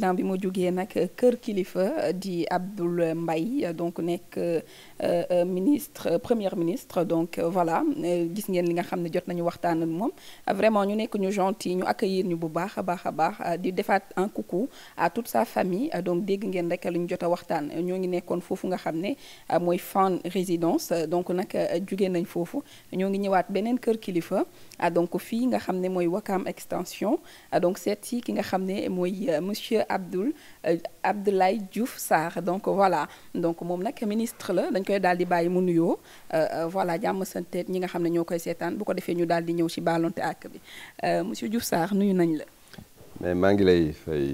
ginnaaw bi ma jugee nag kër kilifa di Abdoul mbay donc nekk euh, euh, ministre premier ministre donc euh, voilà gis ngeen li nga xam ne jot nañu waxtaan ak moom vraiment ñu nekk ñu gentil ñu accueillir ñu bu baax a baax a baax di defaat un coucou à toute sa famille donc dégg ngeen rek li ñu jot a waxtaan ñoo ngi nekkoon foofu nga xam ne mooy Fann Résidence donc nag jugee nañ foofu ñoo ngi ñëwaat beneen kër kilifa Ah, donc fii nga xam ne mooy Wakam extension ah, donc seet si ki nga xam ne mooy euh, monsieur Abdoul euh, Abdoulaye Diouf Sarr donc voilà donc moom nag ministre la dañ koy daal di bàyyi mu nuyoo euh, voilà jàmm santeet ñi nga xam ne ñoo koy seetaan bu ko defee ñu daal di ñëw ci baalonte àkk bi monsieur Diouf Sarr nuyu nañ la. mais maa ngi lay fay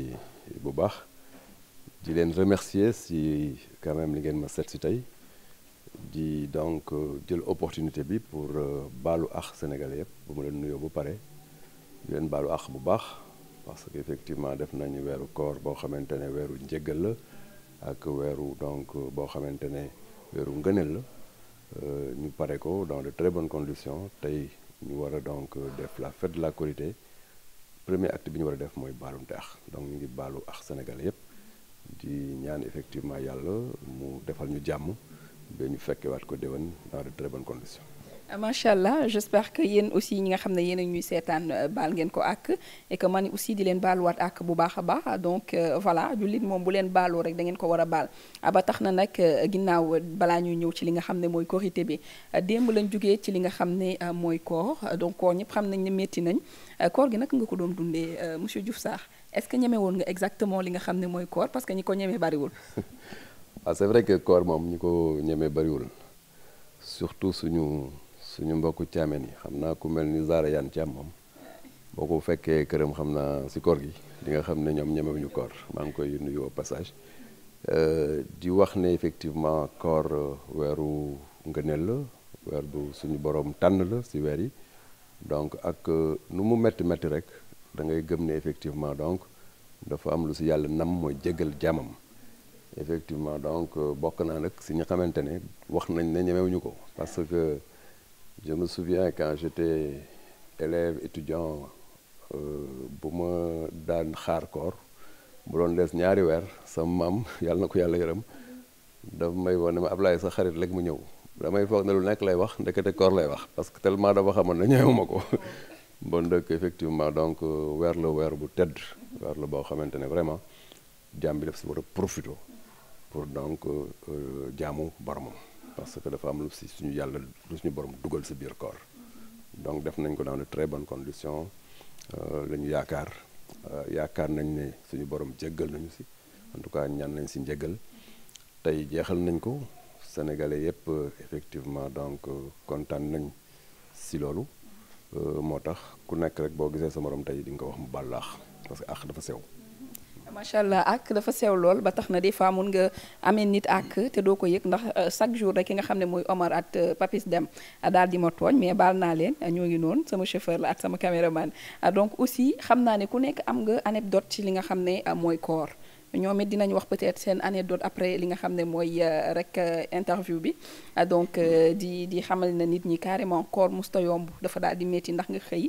bu baax di leen remercier si quand même li ngeen ma seet si tey. di donc euh, jël opportinité bi pour euh, baalu ak sénégalais yëpp bu ma leen nuyoo ba pare di leen baalu ax bu baax parce que effectivement def nañu weeru koor boo xamante ne weeru njëggal la ak weeru donc euh, boo xamante ne weeru ngëneel la ñu pare ko dans de très bonnes conditions tey ñu war a donc def la fête de la Korité premier acte bi ñu war a def mooy baalunte ax donc ñu ngi baalu ax sénégal yëpp di ñaan effectivement yàlla mu defal ñu jàmm ba ñu fekkewaat ko déwén dans de très bonnes conditions. macha allah que yéen aussi ñi nga xam ne yéen a ñuy seetaan euh, baal ngeen ko àkk et que man aussi di leen baaluwaat àkk bu baax a baax donc euh, voilà jullit moom bu leen baaloo rek da ngeen ko war a baal ah, ba tax na nag euh, ginnaaw balaa ñuy ñëw ci li nga xam ne mooy korité bi démb lañ jugee ci li nga xam ne mooy koor donc koor ñëpp xam nañ ne métti nañ koor gi nag nga ko doom dundee monsieur Diouf Sarr est-ce que ñeme woon nga exactement li nga xam ne mooy koor parce que ñi ko ñemee bariwul waaw ah, c'est vrai que koor moom ñu ko ñemee bariwul surtout suñu suñu mbokku caamen yi xam naa ku mel ni Zara Yane Thiam moom boo ko fekkee këram xam naa si koor gi di nga xam ne ñoom ñemewuñu koor maa ngi koy nuyu au passage euh, di wax ne effectivement koor euh, weeru ngëneel la weer bu suñu borom tànn la si weer yi donc ak euh, nu mu métti métti rek da ngay gëm ne effectivement donc dafa am lu si yàlla nam mooy jégal jaamam effectivement donc euh, bokk naa nag si ñi xamante ne wax nañ ne ñemewuñu ko parce que je me souviens quand j'étais élève étudiant euh, bu ma daan xaar koor bu doon des ñaari weer sama maam yàlla na ko yàlla yërëm daf may wax ne ma laay sa xarit rek mu ñëw damay foog ne lu nekk lay wax ndekete koor lay wax parce que tellement dafa xamoon ne ñemewuma ko bon dëkk effectivement donc euh, weer la weer bu tedd weer la boo xamante ne vraiment jàmm bi def si war profité pour donc euh, jaamu boromam parce que dafa am lu si suñu yàlla lu suñu borom dugal si biir koor donc def nañ ko dans de très bonnes conditions euh, la ñu yaakaar euh, yaakaar nañ ne suñu borom jéggal nañu si en tout cas ñaan nañ si njéggal tey jeexal nañ ko sénégalais yëpp effectivement donc kontaan nañ si loolu moo tax ku nekk rek boo gisee sa morom tey di nga ko wax mu bàllaax parce que ax dafa sew macha allah ak dafa sew lool ba tax na des fois mun nga amee nit ak te doo ko yëg ndax euh, chaque jour rek ki nga xam ne mooy Omar at euh, Papis Dem euh, daal di ma tooñ mais baal naa leen ñoo ngi noonu sama chauffeur la at sama caméraman donc aussi xam naa ne ku nekk am nga anecdote ci li nga xam ne mooy koor. ñoom it dinañ wax peut-être seen anecdote après li nga xam ne mooy rek interview bi donc di di xamal na nit ñi carrément koor musta yomb dafa daal di métti ndax nga xëy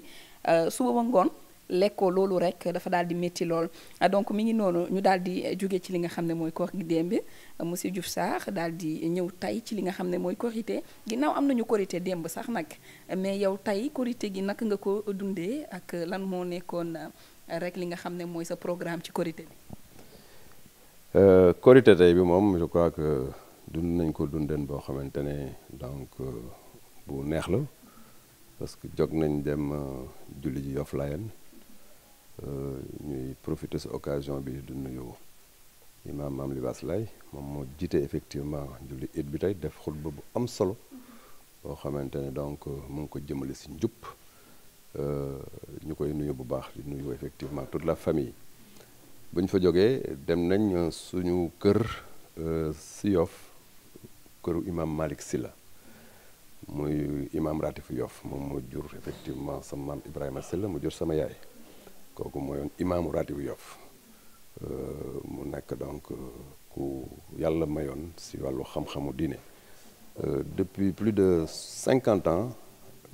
suba ba ngoon. lekkoo loolu rek dafa daal di métti lool ah, donc mi ngi noonu ñu daal di eh, jóge ci li nga xam ne mooy koor gi démb ah, monsieur Diouf saax daal di ñëw tey ci li nga xam ne mooy korité ginnaaw am nañu korité démb sax nag mais yow tey korité gi naka nga ko dundee ak lan moo nekkoon eh, rek li nga xam ne mooy sa programme ci korité bi. Euh, korité tey bi moom je crois que dund nañ ko dundeen boo xamante ne donc euh, bu neex la parce que jog nañ dem euh, julli ji Yoff Layeen Euh, ñuy profiter sa occasion bi du nuyu imaam Mame Libasse Laye moom moo jiite effectivement julli it bi tey def xutba bu am solo boo xamante ne donc euh, mu ngi ko jëmale si njub euh, ñu koy nuyu bu baax di nuyu effectivement toute la famille bu fa jogee dem nañ suñu kër si Yoff këru imaam Malick Sylla muy imaam Ratif Yoff moom moo jur effectivement sama ibrahima Ibrahima la mu jur sama yaay kooku mooyoon imaamu raatibu Yoff euh, mu nekk donc euh, ku yàlla mayoon si wàllu xam-xamu diine euh, depuis plus de cinquante ans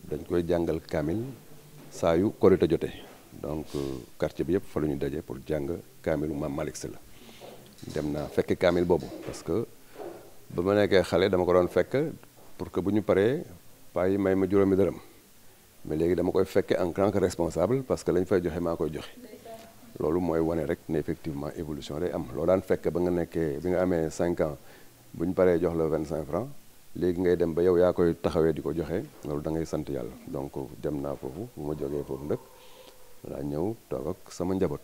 dañ koy jàngal kaamil saa yu korite jote donc quartier bi yëpp fa la ñu daje pour jàng kaamilu maam Malick la dem naa fekk kaamil boobu parce que ba ma nekkee xale dama ko doon fekk pour que bu ñu paree paa yi may ma juróomi dërëm mais léegi dama koy fekkee en tant que responsable parce que lañ fay joxe maa koy joxe loolu mooy wane rek ne effectivement évolution day am loo daan fekk ba nga nekkee bi nga amee 5 ans bu ñu paree jox la vingt cinq francs léegi ngay dem ba yow yaa koy taxawee di ko joxe loolu da ngay sant yàlla donc dem naa foofu bu ma jógee foofu nag laa ñëw toog ak sama njaboot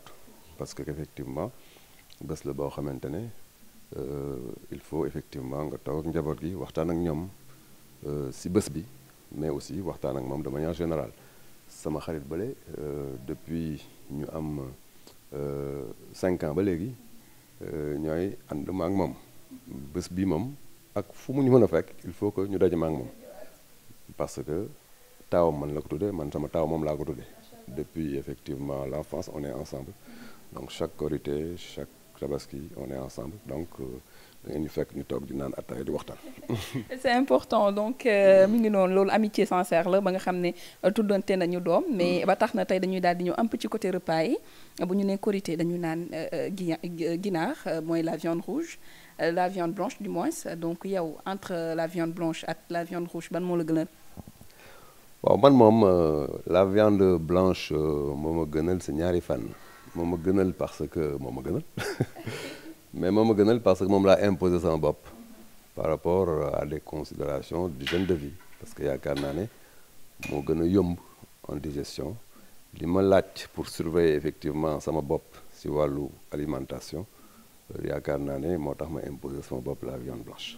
parce que effectivement bés la boo xamante ne euh, il faut effectivement nga toog ak njaboot gi waxtaan ak ñoom euh, si bés bi. mais aussi waxtaan ak moom de manière générale sama xarit ba bële euh, depuis ñu am euh, cinq ans ba léegi euh, ñooy ànd ma ak moom bés bi moom ak fu mu ñu mën a fekk il faut que ñu daje ma ak moom parce que taawam man la ko tuddee man sama taaw moom laa ko tuddee depuis effectivement l'enfance on est ensemble donc chaque Korité chaque Tabaski on est ensemble donc da ñu fekk ñu toog di naan attaaya di waxtaan. c'est important donc euh, mu ngi noonu loolu amitié sincère la ba nga xam ne euh, tuddante nañu doom mais mm. ba tax na tey dañuy daal di ñu am peu ci côté repas yi bu ñu nee korité dañu naan euh, ginaar mooy la viande rouge la viande blanche du moins donc yow entre la viande blanche ak la viande rouge ban moo la gënal. waaw man moom la viande blanche moo ma gënal si ñaari fan moo ma gënal parce que moom ma gënal. mais moom a gënal parce que moom laa imposé sama bopp par rapport à des di d'hygiène de vi parce que yaakaar ne moo gën a yomb en digestion li ma laaj pour surveiller effectivement sama bopp si wàllu alimentation yaakaar naa ne moo tax ma imposé sama bopp la viande blanche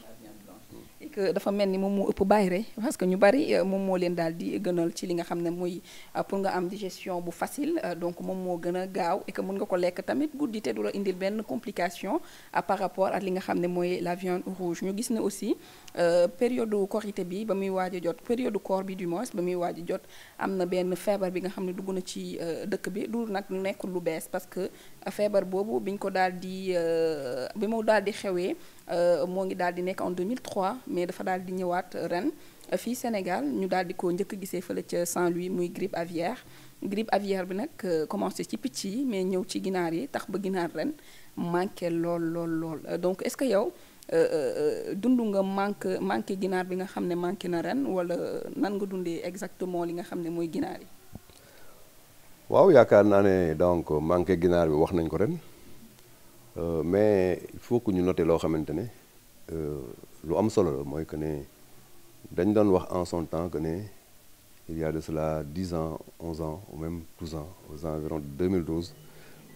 que dafa mel ni moom moo ëpp bàyyi rek parce que ñu bari euh, moom moo leen daal di gënal ci li nga xam ne mooy euh, pour nga am digestion bu facile euh, donc moom moo gën a gaaw et que mën nga ko lekk tamit guddi te du la indil benn complication par rapport ak li nga xam ne mooy la viande rouge ñu gis ne aussi période korité bi ba muy waaj a jot période koor bi du moins ba muy waaj jot am na benn feebar bi nga xam ne dugg na ci dëkk bi du nag nekkul lu bees parce que feebar boobu biñ ko daal di euh, bi mu daal di xewee euh, moo ngi daal di nekk en 2003 mais dafa daal di ñëwaat ren fii Sénégal ñu daal di ko njëkk gisee fële ca Saint-Louis muy grippe aviaire grippe aviaire bi nag euh, commencé ci picc yi mais ñëw ci ginaar yi tax ba ginaar ren manqué lool lool lool donc est-ce que yow dund nga manque manqué ginaar bi nga xam ne manqué na ren wala nan nga dundee exactement li nga xam ne mooy ginaar yi waaw yaakaar naa ne donc manqué ginaar bi wax nañ ko ren euh, mais il faut que ñu noté loo xamante ne euh, lu am solo la mooy que ne dañ doon wax en son temps que ne il y a de cela dix ans onze ans ou même douze ans aux environs 2012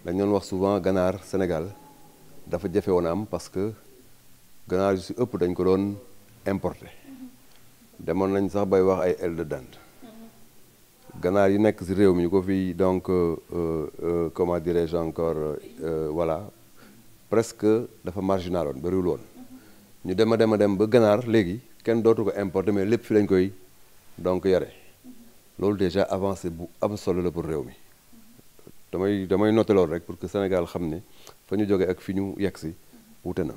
dañ doon wax souvent ganaar Sénégal dafa jafe woon am parce que ganaar yu si ëpp dañ ko doon importé mm-hmm. demoon nañ sax bay wax ay aile de dinde ganaar yi nekk si réew mi ñu ko fii donc euh, euh, euh, comment dirais-je encore voilà presque dafa marginal woon bariwul ñu dem a dem a dem ba ganaar léegi kenn dootu ko importer mais lépp fi lañ koy donc yore loolu déjà avancé bu am solo la pour réew mi damay damay noté loolu rek pour que Sénégal xam ne fa ñu jógee ak fi ñu yegg si wute na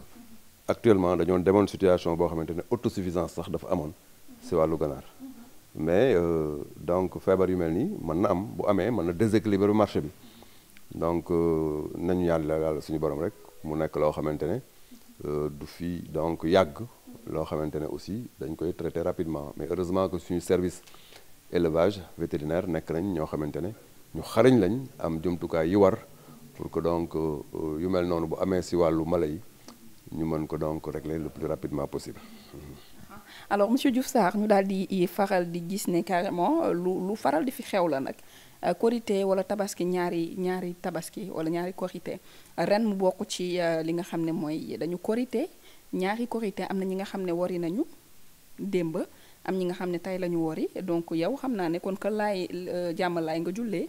actuellement dañoon demoon situation boo xamante ne autosuffisance sax dafa amoon si wàllu ganaar mais euh, donc feebar yu mel nii mën na am bu amee mën na déséquilibre marché bi donc euh, nañu yàlla yàlla suñu borom rek mu nekk loo xamante ne euh, du fi donc yàgg loo xamante ne aussi dañ koy traité rapidement mais heureusement ko suñu service élevage vétérinaire nekk nañ ñoo xamante ne ñu xarañ lañ am jumtukaay yi war pour que donc yu mel noonu bu amee si wàllu mala yi ñu mën ko donc régler le plus rapidement possible. alors monsieur Diouf saax ñu daal di faral di gis ne carrément euh, lu lu faral di fi xew la nag euh, korité wala tabaski ñaari ñaari tabaski wala ñaari korité ren mu bokk ci euh, li nga xam ne mooy dañu korité ñaari korité am na ñi nga xam ne wari nañu démb am ñi nga xam ne tey la ñu wari donc yow xam naa ne kon que laay jàmm laay nga jullee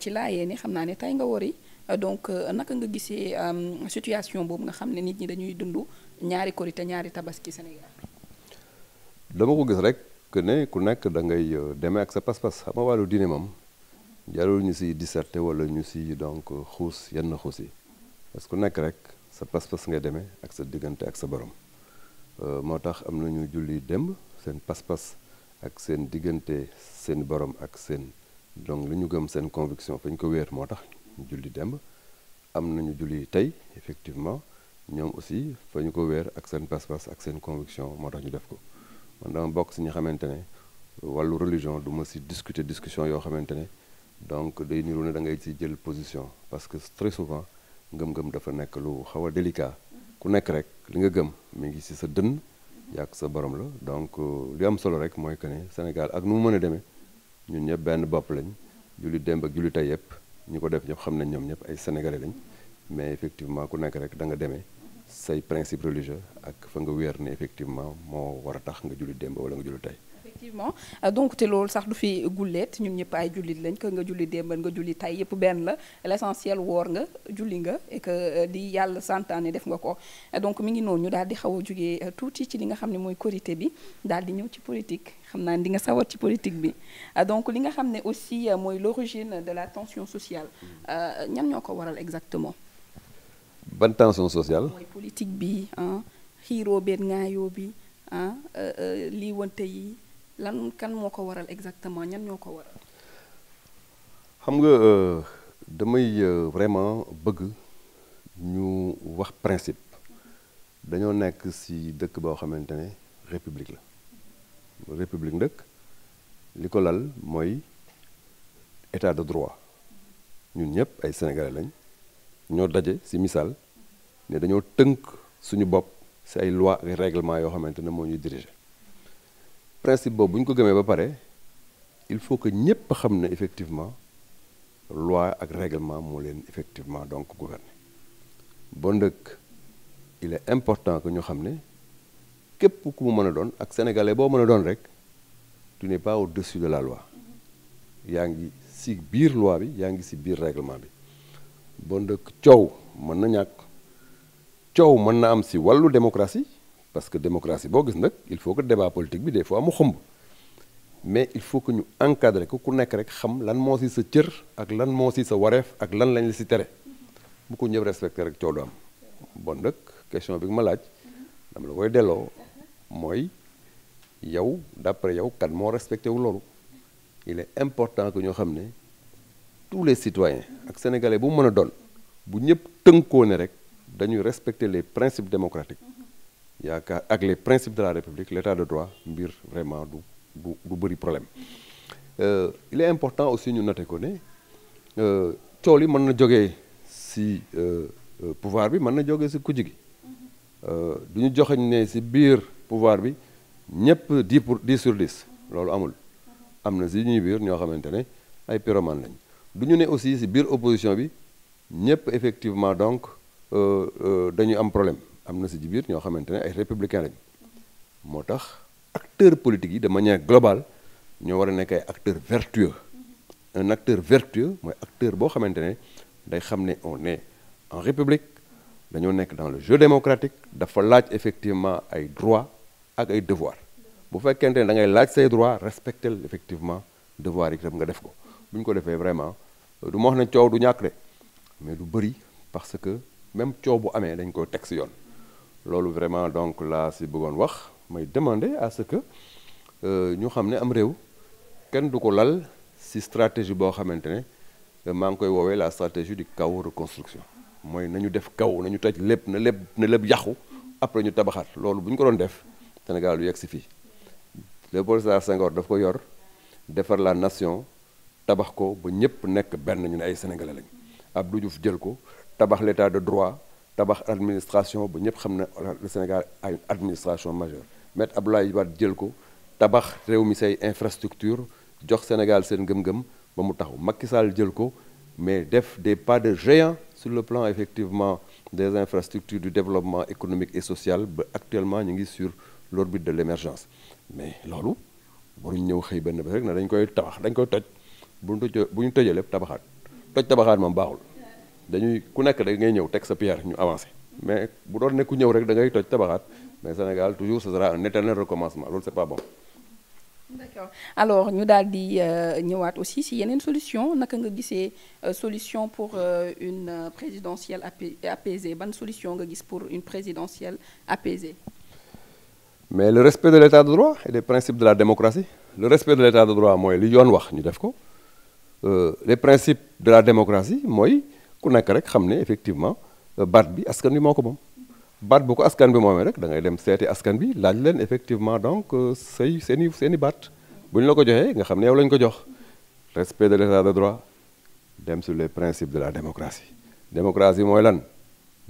ci laayee ni xam naa ne tey nga wari donc naka nga gisee situation boobu nga xam ne nit ñi dañuy dund ñaari korité ñaari tabaski Sénégal dama ko gis rek que ne ku nekk da ngay euh, demee ak sa pas-pas xam nga wàllu diine moom jarul ñu si disserter wala ñu si donc xuus yenn xuus yi parce que ku rek sa pas-pas ngay demee ak sa diggante ak sa borom euh, moo tax am na ñu julli démb seen pas-pas ak seen diggante seen borom ak seen donc lu ñu gëm seen conviction fa ko wéer moo tax ñu julli am nañu julli tey effectivement ñoom aussi fa ñu ko weer ak seen pas-pas ak seen conviction moo tax ñu def ko man dama bokk si ñu xamante ne wàllu religion du ma si discuter discussion yoo xamante ne donc day niru ne da ngay si jël position parce que très souvent ngëm-ngëm dafa nekk lu xaw a délicat ku nekk rek li nga gëm mi ngi si sa dënn yàq sa borom la donc euh, li am solo rek mooy que ne Sénégal ak nu mu mën a demee ñun ñëpp benn bopp lañ julli démb ak julli tey yëpp ñu ko def ñëpp xam nañ ñoom ñëpp ay sénégalais lañ mais effectivement ku nekk rek da nga demee say principe religieux ak fa nga weer ne effectivement moo war a tax nga julli démb wala nga julli tey effectivement euh, donc te loolu sax du fi gulleet ñun ñëpp ay jullit lañ que nga julli démbal nga julli tay yëpp benn la l'essentiel woor nga julli nga et que euh, di yàlla santaane def nga ko euh, donc mu ngi noonu ñu daal di xaw a jugee tuuti ci li nga xam ne mooy korité bi daal di ñëw ci politique xam naa di nga sawar ci politique bi donc li nga xam ne aussi mooy l'origine de la tension sociale mm. ñan ñoo ko waral exactement ban tension sociale. mooy politique bi xiiroo beeg ŋaayoo bi euh, euh, lii wante yi lan kan moo ko waral exactement ñan ñoo ko waral. xam nga euh, damay vraiment bëgg ñu wax principe dañoo nekk ci dëkk boo xamante ne république la république nag li ko lal mooy état de droit ñun ñëpp ay sénégalais lañ. ñoo daje si misaal ne dañoo tënk suñu bopp si ay loi ak règlement yoo xamante ne moo ñuy diriger principe boobu buñ ko gëmee ba pare il faut que ñëpp xam ne effectivement loi ak règlement moo leen effectivement donc gouverner bon ndëkk il est important que ñu xam ne képp ku mu mën a doon ak sénégalais boo mën a doon rek tu n'es pas au-dessus de la loi yaa ngi si biir loi bi yaa ngi si biir règlement bi bon dëkk coow mën na ñàkk coow mën na am si wàllu démocratie parce que démocratie boo gis nag il faut que débat politique bi des fois mu xumb mais il faut que ñu encadrer ko ku nekk rek xam lan moo si sa cër ak lan moo si sa wareef ak lan lañ la si tere bu ko ñëw respecté rek coow du am bon nag question bi nga ma laaj dama la koy delloo mooy yow d'après yow kat moo respecté wu loolu il est important que ñoo xam ne tous les citoyens ak sénégalais bu mën a doon bu ñëpp tënkoo ne rek dañuy respecter les principes démocratiques yaakaar ak les principes de la république l'état de droit mbir vraiment du du du bëri problème euh, il est important aussi ñu noter ko ne euh, cool yi mën na joge si euh, pouvoir bi mën na joge si kujj gi du ñu jox ne si biir pouvoir bi ñëpp dix pour dix loolu amul am na si ñuy biir ñoo xamante ne ay pyromane lañ du ñu ne aussi ci biir opposition bi ñëpp effectivement donc euh, euh, dañu am problème am na ci biir ñoo xamante ne ay républicain lañ moo tax acteurs politiques yi de manière globale ñoo war a nekk ay acteurs vertueux un acteur vertueux mooy acteur boo xamante ne day xam ne on est en république dañoo nekk dans le jeu démocratique dafa laaj effectivement ay droits ak ay devoirs bu fekkente ne da ngay laaj say droits respecter effectivement devoirs yi tam nga def ko bu ñu ko defee vraiment du ma wax ne coow du ñàkk de mais du bëri parce que même coow bu amee dañ koy teg si yoon loolu vraiment donc laa si bëggoon wax may demander à ce que euh, ñu xam ne am réew kenn du ko lal si stratégie boo xamante ne maa ngi koy woowee la stratégie du chaos reconstruction mooy nañu def kaw nañu toj lépp na lépp na lépp yàqu après ñu tabaxaat loolu buñ ko doon def Sénégal yu yegg si fii Léopold Sédar Senghor daf ko yor defar la nation tabax ko ba ñëpp nekk benn ñu ne ay sénégalais lañ Abdou Diouf jël ko tabax l' de droit tabax administration ba ñëpp xam ne Sénégal a une administration majeure Maître Abdoulaye Wade jël ko tabax réew mi say infrastructure jox Sénégal seen gëm-gëm ba mu taxaw Macky Sall jël ko mais def des pas de géant sur le plan effectivement des infrastructures du développement économique et social ba actuellement ñu ngi sur l'orbite de l'émergence mais loolu waruñ ñëw xëy benn bés rek na dañ koy tabax dañ koy toj bu ñu tëjee lépp tabaxaat toj tabaxaat moom baaxul dañuy ku nekk da ngay ñëw teg sa pierre ñu avancé mais bu doon nekku ñëw rek da ngay toj tabaxaat mais Sénégal toujours ce sera un éternel recommencement loolu c'est pas bon. d'accord ñu daal di euh, ñëwaat aussi si yeneen solution naka nga gisee euh, solution pour euh, une présidentielle apaisée ban solution nga gis pour une présidentielle apaisée. mais le respect de l'état de droit et des principes de la démocratie le respect de l'état de droit wax ñu def ko. Euh, les principes de la démocratie mooy ku nekk rek xam ne effectivement euh, baat bi askan bi moo ko moom baat bu ko askan bi moomee rek da ngay dem seeti askan bi laaj leen effectivement donc euh, say seen i seen i baat bu ñu la ko joxee nga xam ne yow lañ ko jox respect de l'état de droit dem sur les principes de la démocratie démocratie mooy lan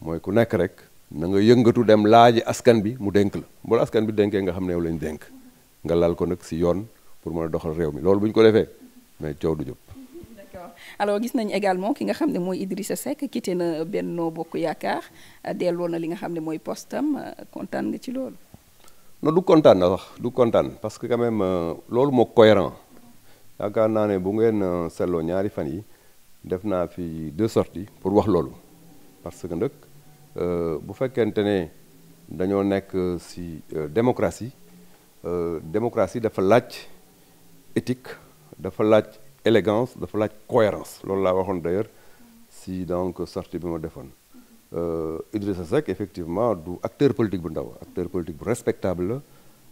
mooy ku nekk rek na nga yëngatu dem laaji askan bi mu denk la mboolu askan bi denkee nga xam ne yow lañ denk nga lal ko nag si yoon pour mën a réew mi loolu bu ñu ko defee mais coow du jóg d'accord gis nañu également ki nga xam ne mooy Idrissa Seck quitté na benn Bokk Yaakaar delloo na li nga xam ne mooy postam kontaan nga ci loolu. non du kontaan na wax du kontaan parce que quand euh, loolu moo cohérent yaakaar naa ne bu ngeen euh, seetloo ñaari fan yi def naa fi deux sorties pour wax loolu parce que nag euh, bu fekkente ne dañoo nekk ci démocratie démocratie dafa laaj éthique dafa laaj. élégance dafa laaj cohérence loolu laa waxoon d'ailleurs si donc sorti bi ma defoon euh, Idrissa Seck effectivement du acteur politique bu ndaw acteur politique bu respectable la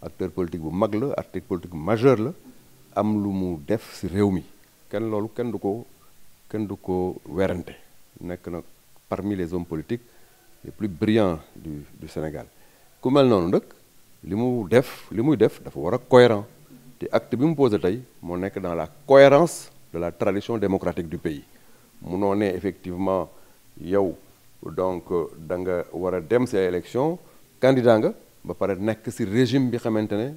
acteur politique bu mag la acteur politique bu majeur la am lu mu def si réew mi kenn loolu kenn du ko kenn du ko werante nekk na parmi les hommes politiques les plus brillants du Sénégal ku mel noonu nag li mu def li muy def dafa war a cohérent te acte bi mu posé tey moo nekk dans la cohérence de la tradition démocratique du pays munoo ne effectivement yow donc euh, da nga war a dem ci ay élection candidat nga ba pare nekk si régime bi xamante ne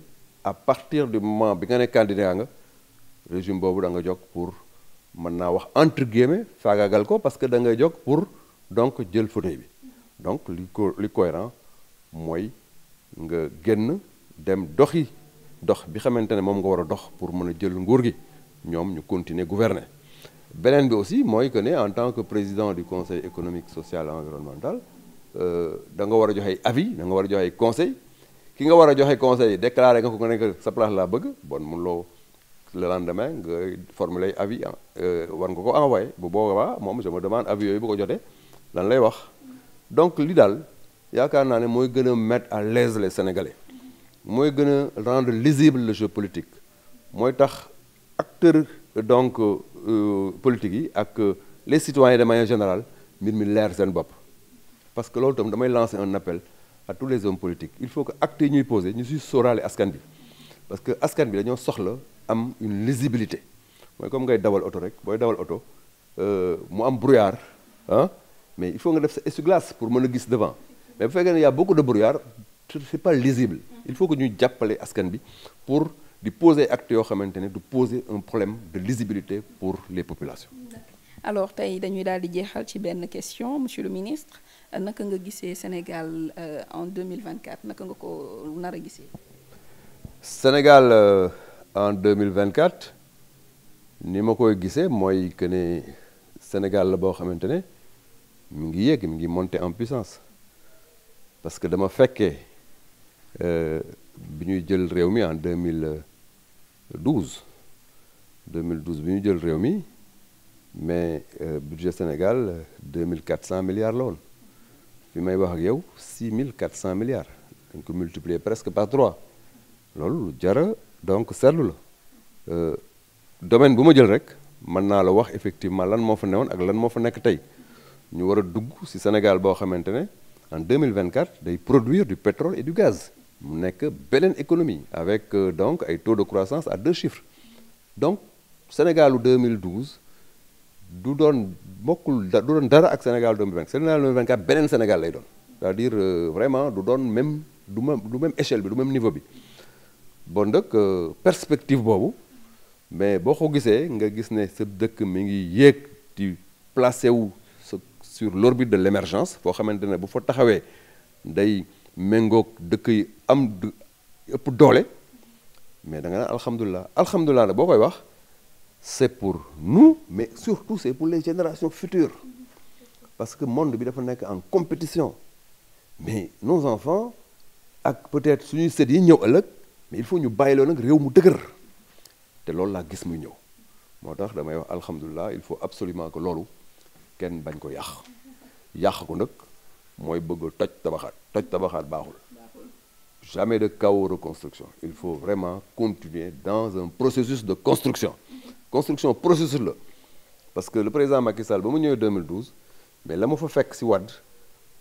à partir du moment bi nga ne candidat nga régime boobu da nga jóg pour mën naa wax entre guillemets faagaagal ko parce que da ngay jóg pour donc jël fauteuil bi donc li ko li mooy nga génn dem doxi dox bi xamante ne moom nga war a dox pour mën a jël nguur gi ñoom ñu continuer gouverner beneen bi aussi mooy que ne en tant que président du conseil économique social et environnemental euh, da nga war a joxe avis da nga war a joxe conseil ki nga war a joxe conseil déclaré nga ko nga nekk sa place laa bëgg bon mun loo le lendemain nga formuler avis ah, euh, war nga ko envoyé bu boobaa moom je me demande avis yooyu bu ko jotee lan lay wax donc li daal yaakaar naa ne mooy gën a mettre à l'aise les mooy gën a rendre lisible le jeu politique mooy tax acteurs donc euh, politique yi ak euh, les citoyens de manière mbir mi leer seen bopp parce que loolu tam damay lancé un appel à tous les hommes politiques il faut que actes yi ñuy posé ñu si sóoraale askan bi parce que askan bi dañoo soxla am une lisibilité mooy comme ngay dawal oto rek booy dawal oto euh, mu am brouillard mais il faut nga def sa essuie-glace pour mën a gis devant mais bu fekkee ne y a beaucoup c'est pas lisible il faut que ñu jàppale askan bi pour di poser act yoo xamante ne du poser un problème de lisibilité pour les populations alors tey dañuy daal di jeexal ci benn question monsieur le ministre naka nga gisee Sénégal euh, en 2024 naka nga ko nar a gisee Sénégal euh, en 2024 ni ma koy gisee mooy que ne Sénégal la boo xamante ne mu ngi yéeg mi ngi monter en puissance parce que dama fekkee bi ñuy jël réew mi en deux deux mille mille 2012 bi ñu jël réew mi mais euh, budget Sénégal 2400 milliards la woon fi may wax ak yow mille cent milliards dañ ko multiplier presque par 3 loolu jara donc seetlu la euh, domaine bu ma jël rek mën naa la wax effectivement lan moo fa newoon ak lan moo fa nekk tey ñu war a dugg si Sénégal boo xamante ne en 2024 day produire du pétrole et du gaz mu nekk beneen économie avec euh, donc ay taux de croissance à deux chiffres donc Sénégalu 2012 du doon bokkul du dara ak Sénégal 2024 Sénégal 2024 beneen Sénégal lay doon c'est-à-dire euh, vraiment du doon même du même du même échelle bi du même niveau bi bon nag euh, perspective boobu mais boo ko gisee nga gis ne sa dëkk mi ngi yéeg di placé wu sur l'orbite de l'émergence foo xamante ne bu fa taxawee day méngoog dëkk yi am du ëpp doole mais da nga naan alhamdulilah alhamdulilah boo koy wax c'est pour nous mais surtout c'est pour les générations futures parce que monde bi dafa nekk en compétition mais nos enfants ak peut-être suñuy sët yi ñëw ëllëg mais il faut ñu bàyyi bàyyiloo nag réew mu dëgër te loolu laa gis muy ñëw moo tax damay wax alhamdulilah il faut absolument ko loolu kenn bañ ko yàq yàq ko nag mooy bëgg toj tabaxaat toj tabaxaat baaxul jamais de chaos reconstruction il faut vraiment continuer dans un processus de construction construction processus la parce que le président Macky Sall ba mu ñëwee 2012 mais la ma fa fekk si Wade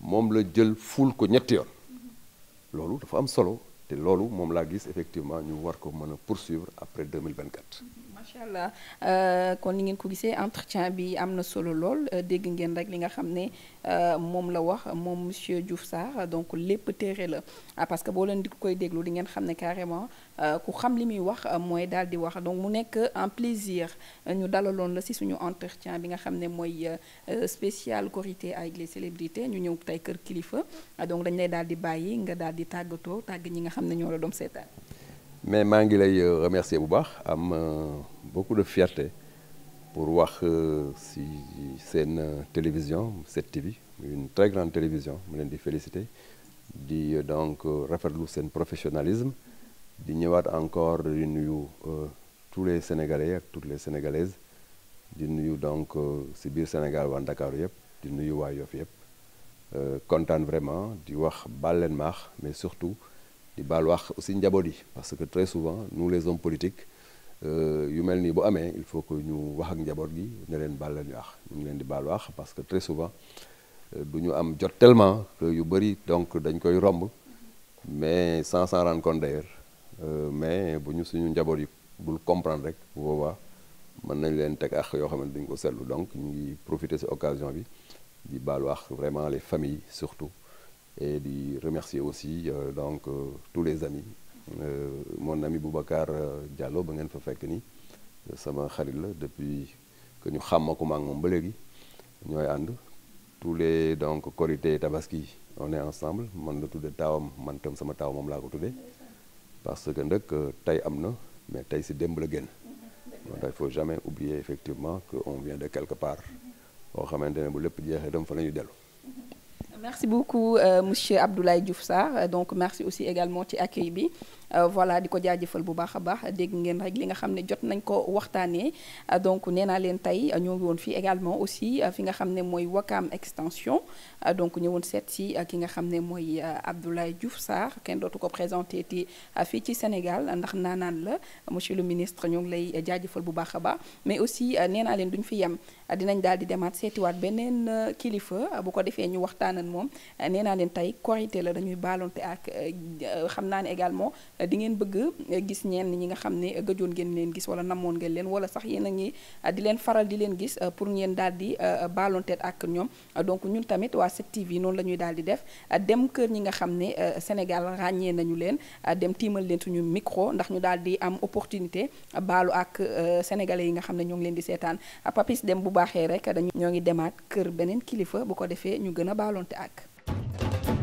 moom la jël ful ko ñetti yoon loolu dafa am solo te loolu moom laa gis effectivement ñu war ko mën a poursuivre après 2024 macha allah euh, kon ni ngeen ko gisee entretien bi am na solo lool euh, dégg ngeen rek li nga xam ne euh, moom la wax moom monsieur Diouf Sarr donc lépp téere la ah, parce que boo leen di koy déglu di ngeen xam ne carrément ku xam li muy wax mooy daal di wax donc mu nekk un plaisir ñu dalaloon la si suñu entretien bi nga xam ne mooy spécial Korité avec les célébrités ñu ñëw tey kër kilifa ah, donc dañu lay daal di bàyyi nga daal di tàggatoo tàgg ñi nga xam ne ñoo la doom seetaan. mais maa ngi lay euh, remercier bu baax am euh, beaucoup de fierté pour wax euh, si seen télévision 7TV une très grande télévision mu leen di félicité di donc rafetlu seen professionnalisme di ñëwaat encore di nuyu tous les sénégalais ak toutes les sénégalaises di nuyu donc si biir Sénégal waa Ndakaaru yëpp di nuyu waa Yoff yëpp kontaan vraiment di wax baal leen maax mais surtout. di baal wax aussi njaboot yi parce que très souvent nous les hommes politiques euh, yu mel nii bu amee il faut que ñu wax ak njaboot gi ne leen baal leen wax ñu ngi leen di baal wax parce que très souvent euh, du ñu am jot tellement que yu bëri donc dañ koy romb mais cent s'en rendre compte d'ailleurs euh, mais bu ñu suñu njaboot yi bul comprendre rek bu mën nañ leen teg ak yoo xamante dañ ko seetlu donc ñu ngi profiter occasion bi di baal wax vraiment les familles surtout di remercier aussi euh, donc euh, tous les amis euh, mon ami Boubacar Diallo ba ngeen fa fekk ni sama xarit la depuis que ñu xàmma ko maak moom ba léegi ñooy ànd tous les donc Korité Tabaski on est ensemble man la tudde taawam man tam sama taaw moom laa ko tudde parce que nag tey am na mais tey si démb la génn moo tax il faut jamais oublier effectivement que on vient de quelque part boo xamante ne bu lépp jeexee dem fa la ñuy dellu merci beaucoup euh, monsieur Abdoulaye Diouf Sarr euh, donc merci aussi également ci accueil bi. Euh, voilà di ko jaajëfal bu baax a baax dégg ngeen rek li nga xam ne jot nañ ko waxtaanee euh, donc nee naa leen tey euh, ñoo woon fii également aussi fi nga xam ne mooy Wakam extension donc ñëwoon seet si ki nga xam ne mooy Abdoulaye Diouf saax kenn dootu ko présenté ti fii ci Sénégal ndax naanaan la monsieur le ministre ñoo lay jaajëfal bu baax a baax mais aussi nee naa leen duñ fi yem dinañ daal di demaat seetiwaat beneen kilifa bu ko defee ñu waxtaanan moom nee naa leen tey korité la dañuy baalonte ak xam naa ne également di ngeen bëgg eh, gis ñenn ñi nga xam ne gëjoon ngeen leen gis wala namoon ngeen leen wala sax yéen a ngi eh, di leen faral di leen gis eh, pour ngeen daal di ballonteet ak ñoom donc ñun tamit waa 7 yi noonu la ñuy daal di def dem kër ñi nga xam ne Sénégal ràññee nañu leen dem tiimal leen su ñu micro ndax ñu daal di am opportunité baalu ak sénégalais yi nga xam ne ñoo ngi leen di seetaan papis dem bu baaxee rek dañu ñoo ngi demaat kër beneen kilifa bu ko defee ñu gën a baalonte ak